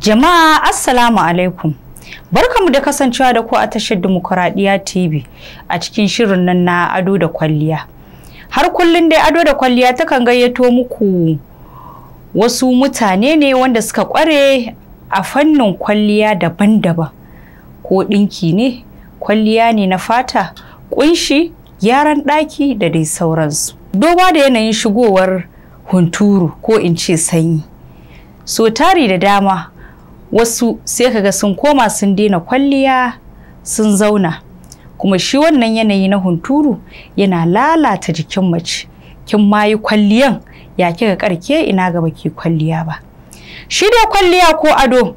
Jama'a Assalamu alaikum. Barkamu da kasancewa da ku a tashar Dimokuraɗiyya TV a cikin shirin nan na ado da kwalliya. Har kullum dai ado da kwalliya takan gayyato muku wasu mutane ne wanda suka kware a fannin kwalliya daban-daban. Ko ɗinki ne, kwalliya ne na fata, ƙunshi, gyaran ɗaki da dai sauransu. Doba da yanayin shigowar hunturu ko in ce sanyi. So tari da dama wasu sai kaga sun koma sun daina kwalliya sun zauna kuma shi wannan yanayi na hunturu yana lalata jikin mace kin mayi kwalliyan ya kika karke ina ga baki kwalliya ba shi dai kwalliya ko ado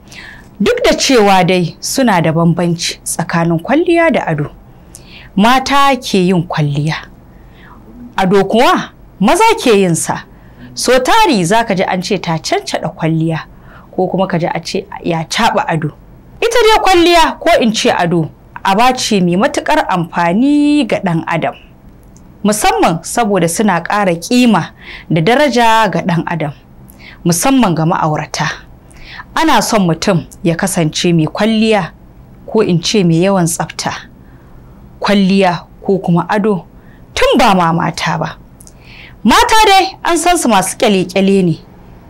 duk da cewa dai suna da bambanci tsakanin kwalliya da ado mata ke yin kwalliya ado kuwa maza ke yin sa so tari zaka ji an ce ta cancada kwalliya ko kuma ka ji a ce ya caɓa ado ita dai kwalliya ko in ce ado aba ce mai matukar amfani ga ɗan adam musamman saboda suna ƙara ƙima da daraja ga ɗan adam musamman ga ma'aurata ana son mutum ya kasance mai kwalliya ko in ce mai yawan tsafta kwalliya ko kuma ado tun ba ma mata ba mata dai an san su masu kyale-kyale ne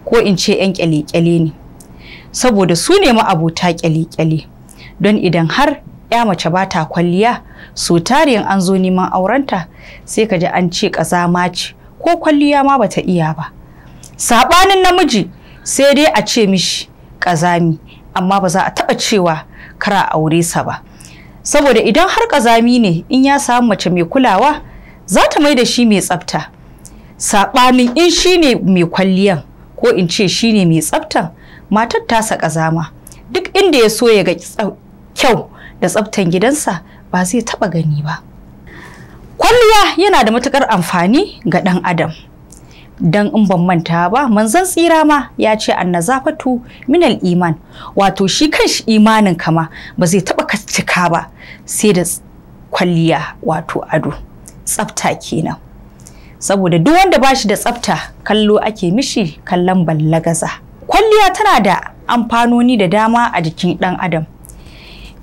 ko in ce 'yan kyale-kyale ne saboda su ne ma'abuta kyale-kyale don idan har ya mace ba ta kwalliya so tare an zo neman aurenta sai ka ji an ce ƙazama ce ko kwalliya ma bata iya ba saɓanin namiji sai dai a ce mishi ƙazami amma ba za a taɓa cewa kara aure sa ba saboda idan har ƙazami ne in ya samu mace mai kulawa za ta mai da shi mai tsafta saɓanin in shi ne mai kwalliyan ko in ce shi ne mai tsaftan matar tasa ƙazama duk inda ya so ya ga kyau da tsaftan gidansa ba zai taɓa gani ba. Kwalliya yana da matukar amfani ga ɗan adam. Don in ban manta ba, manzon tsira ma ya ce annazafatu minal iman, wato shi kanshi imanin kama ba zai taɓa cika ba sai da kwalliya wato ado, tsafta kenan. Saboda duk wanda ba shi da tsafta kallo ake mishi kallon ballagaza. Kwalliya tana da amfanoni da dama a jikin ɗan adam.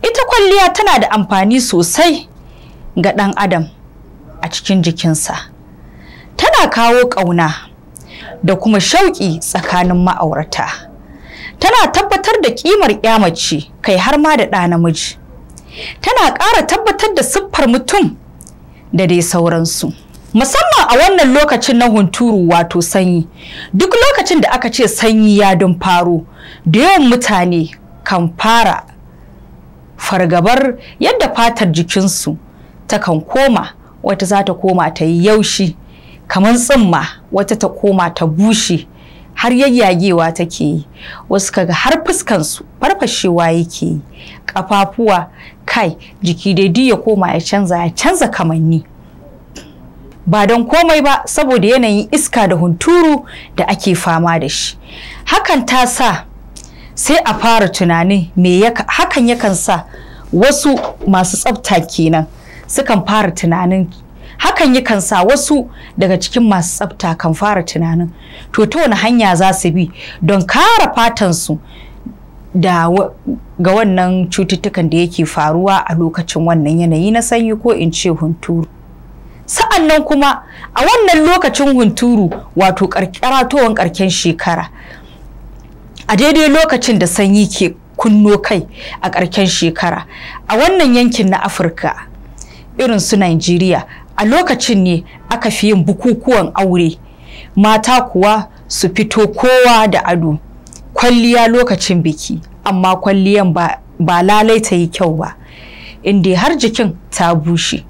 Ita kwalliya tana da amfani sosai ga ɗan adam a cikin jikinsa. Tana kawo ƙauna da kuma shauƙi tsakanin ma'aurata. Tana tabbatar da ƙimar ƙyamace kai har ma da ɗa namiji. Tana ƙara tabbatar da siffar mutum da dai sauransu. musamman a wannan lokacin na hunturu wato sanyi duk lokacin da aka ce sanyi ya dun faro da yawan mutane kan fara fargabar yadda fatar jikinsu ta kan koma wata za ta koma ta yi yaushi kamar tsumma wata ta koma ta bushe har yayyagewa take yi wasu kaga har fuskansu farfashewa yake yi kafafuwa kai jiki daidai ya koma ya canza ya canza kamanni ba don komai ba saboda yanayin iska da hunturu da ake fama da shi hakan ta sa sai a fara tunani me hakan yakan sa wasu masu tsafta kenan sukan fara tunanin hakan yakan sa wasu daga cikin masu tsafta kan fara tunanin to ta wani hanya za su bi don kare fatansu da ga wannan cututtukan da yake faruwa a lokacin wannan yanayi na sanyi ko in ce hunturu sa'an nan kuma a wannan lokacin hunturu wato karatowar karken shekara a daidai lokacin da sanyi ke kunno kai a karken shekara a wannan yankin na afirka irin su nigeria a lokacin ne aka fi yin bukukuwan aure mata kuwa su fito kowa da ado kwalliya lokacin biki amma kwalliyan ba, ba lalai ta yi kyau ba inda har jikin ta bushe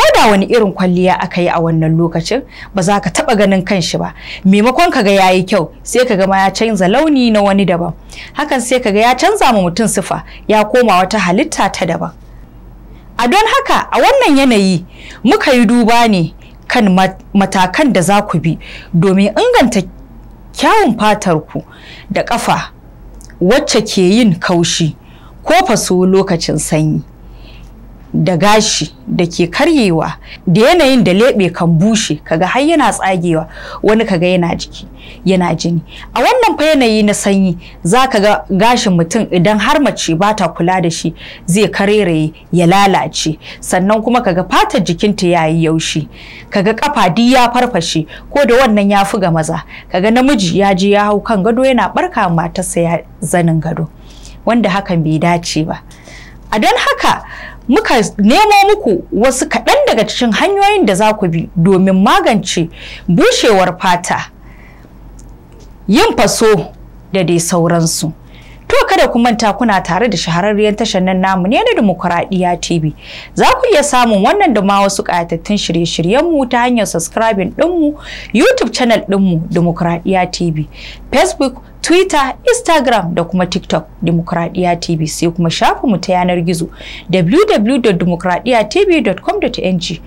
ko da wani irin kwalliya aka yi a wannan lokacin ba za ka taɓa ganin kan shi ba maimakon ka ga yayi kyau sai ka ga ma ya canza launi na wani daban hakan sai ka ga ya canza ma mutum sifa ya koma wata halitta ta daban a don haka a wannan yanayi muka yi duba ne kan matakan da za ku bi domin inganta kyawun fatarku da ƙafa wacce ke yin kaushi ko faso lokacin sanyi da gashi da ke karyewa da yanayin da leɓe kan bushe kaga har yana tsagewa wani kaga yana jiki yana jini a wannan fa yanayi na sanyi za ka ga gashin mutum idan har mace ba ta kula da shi zai kareraye ya lalace sannan kuma kaga fatar jikinta ya yi yaushi kaga kafa duk ya farfashe ko da wannan ya fi ga maza kaga namiji ya je ya hau kan gado yana barka matarsa ya zanin gado wanda hakan bai dace ba a don haka muka nemo muku wasu kaɗan daga cikin hanyoyin da za ku bi domin magance bushewar fata yin faso da dai sauransu To kada ku manta kuna tare da shahararriyar tashar nan namu ne na Dimokuraɗiyya TV. Za ku iya samun wannan da ma wasu ƙayatattun shirye-shiryenmu ta hanyar subscribing ɗinmu YouTube channel ɗinmu Dimokuraɗiyya TV, Facebook, Twitter, Instagram da kuma TikTok Dimokuraɗiyya TV sai kuma mu ta yanar gizo www.dimokuraɗiyyatv.com.ng.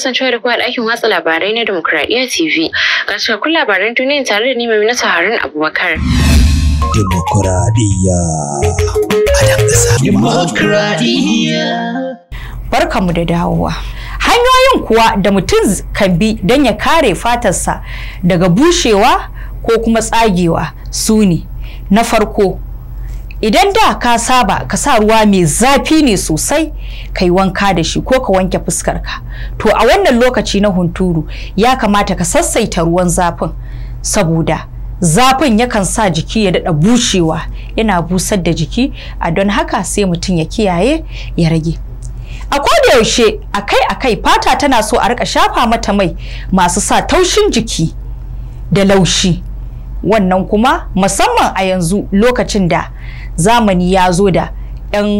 kasancewa da kuma a ɗakin watsa labarai na Demokradiyya TV. Ga cikakkun labaran duniya tare da ni mai minasa Harun Abubakar. Demokradiyya a ƙasa. Barkamu da dawowa. Hanyoyin kuwa da mutum kan bi don ya kare fatarsa daga bushewa ko kuma tsagewa su ne. Na farko, idan da ka saba ka sa ruwa mai zafi ne sosai ka yi wanka da shi ko ka wanke fuskar ka, to a wannan lokaci na hunturu ya kamata ka sassaita ruwan zafin saboda zafin yakan sa jiki ya daɗa bushewa yana busar da jiki a don haka sai mutum ya kiyaye ya rage a kodayaushe akai-akai fata tana so a rika shafa mata mai masu sa taushin jiki da laushi wannan kuma musamman a yanzu lokacin da zamani ya zo da 'yan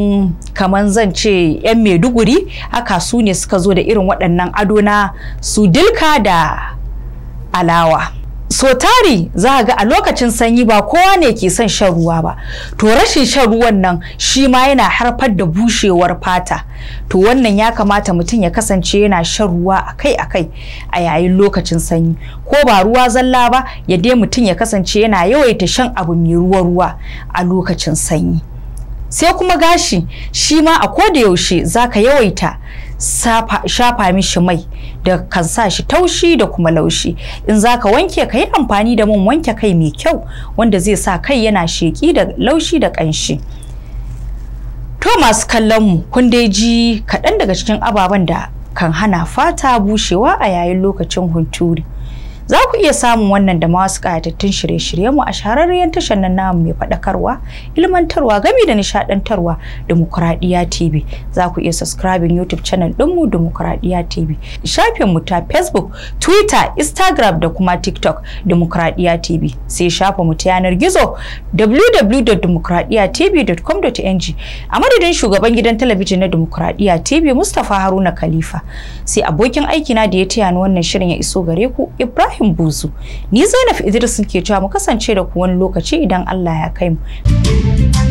kaman zan ce 'yan maiduguri haka su ne suka zo da irin waɗannan ado na su dilka da alawa. so tari za ga a lokacin sanyi ba kowa ne ke son shan ruwa ba to rashin shan ruwan nan shi ma yana harfar da bushewar fata to wannan ya kamata mutum ya kasance yana shan ruwa akai-akai a yayin lokacin sanyi ko ba ruwa zalla ba ya dai mutum ya kasance yana yawaita shan abu mai ruwa-ruwa a lokacin sanyi sai kuma gashi shi ma a koda yaushe za ka yawaita shafa mishi mai da kan sa shi taushi da kuma laushi in zaka wanke ka yi amfani da man wanke kai mai kyau wanda zai sa kai yana sheƙi da laushi da ƙanshi to masu kallon mu kun dai ji kaɗan daga cikin ababen da kan hana fata bushewa a yayin lokacin hunturi Za ku iya samun wannan da ma wasu ƙayatattun shirye-shiryenmu a shahararriyar tashar nan namu mai faɗakarwa, ilmantarwa, gami da nishaɗantarwa Dimokuraɗiyya TV. Za ku iya subscribing YouTube channel ɗinmu Dimokuraɗiyya TV. Shafinmu ta Facebook, Twitter, Instagram da kuma TikTok Dimokuraɗiyya TV. Sai mu ta yanar gizo www.dimokuraɗiyyatv.com.ng. A madadin shugaban gidan talabijin na Dimokuraɗiyya TV Mustapha Haruna Khalifa. Sai abokin aiki na da ya taya ni wannan shirin ya iso gare ku Ibrahim littafin buzu ni zainab idris ke cewa mu kasance da ku wani lokaci idan allah ya kai mu